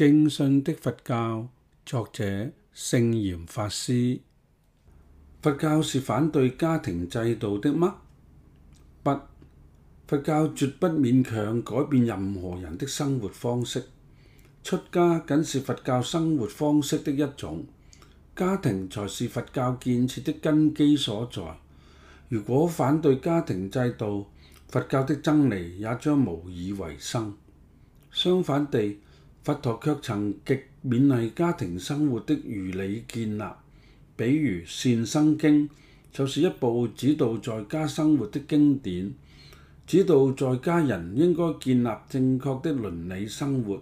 正信的佛教，作者聖嚴法師。佛教是反對家庭制度的嗎？不，佛教絕不勉強改變任何人的生活方式。出家僅是佛教生活方式的一種，家庭才是佛教建設的根基所在。如果反對家庭制度，佛教的真理也將無以為生。相反地，佛陀卻曾極勉勵家庭生活的如理建立，比如《善生經》就是一部指導在家生活的經典，指導在家人應該建立正確的倫理生活。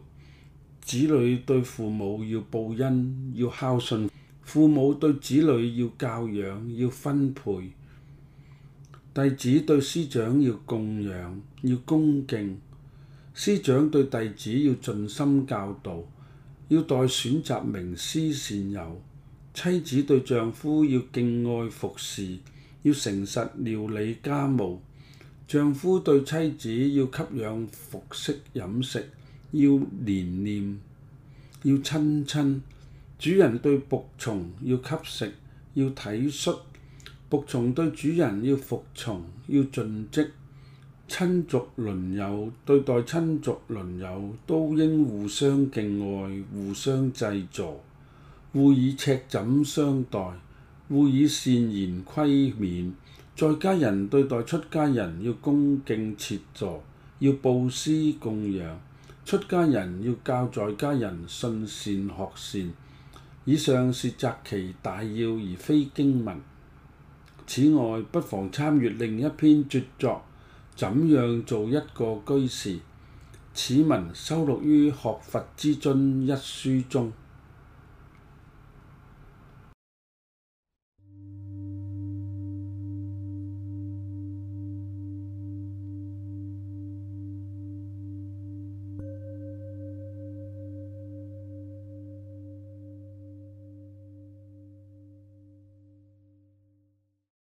子女對父母要報恩、要孝順；父母對子女要教養、要分配；弟子對師長要供養、要恭敬。師長對弟子要盡心教導，要代選擇明師善友；妻子對丈夫要敬愛服侍，要誠實料理家務；丈夫對妻子要給養服飾飲食，要憐念，要親親；主人對僕從要給食，要體恤；僕從對主人要服從，要盡職。親族鄰友對待親族鄰友都應互相敬愛、互相濟助，互以赤誠相待，互以善言規勉。在家人對待出家人要恭敬設座，要布施供養；出家人要教在家人信善學善。以上是擇其大要，而非經文。此外，不妨參閱另一篇拙作。怎樣做一個居士？此文收錄於《學佛之尊》一書中。